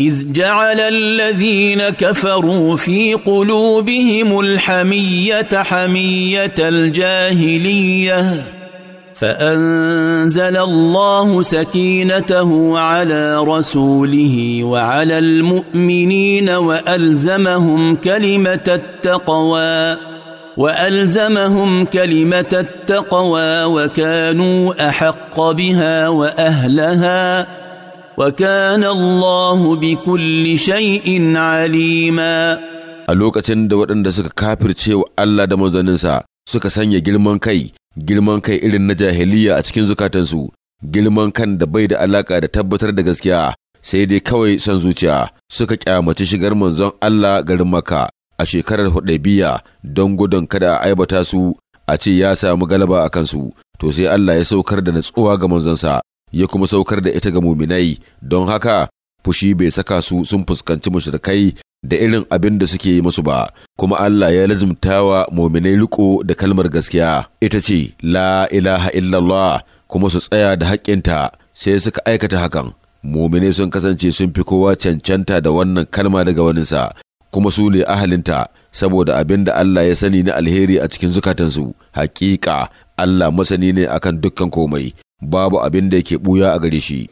اذ جعل الذين كفروا في قلوبهم الحميه حميه الجاهليه فانزل الله سكينته على رسوله وعلى المؤمنين والزمهم كلمه التقوى والزمهم كلمه التقوى وكانوا احق بها واهلها وكان الله بكل شيء عليما a lokacin da waɗanda suka kafirce wa Allah da manzanninsa suka sanya girman kai girman kai irin na jahiliya a cikin zukatansu girman kan da bai da alaka da tabbatar da gaskiya sai dai kawai son zuciya suka kyamaci shigar manzon Allah garin Makka a shekarar Hudaybiya don gudun kada a aibata su a ce ya samu galaba a kansu to sai Allah ya saukar da natsuwa ga manzansa ya kuma saukar da ita ga muminai don haka fushi bai saka su sun fuskanci mushrikai da irin abin da suke yi musu ba kuma Allah ya lazumta wa muminai riko da kalmar gaskiya ita ce la ilaha illallah kuma su tsaya da haƙƙinta sai suka aikata hakan muminai sun kasance sun fi kowa cancanta da wannan kalma daga waninsa kuma su ne ahalinta saboda abin da Allah ya sani na alheri a cikin zukatansu hakika Allah masani ne akan dukkan komai babu abin da yake buya a gare shi.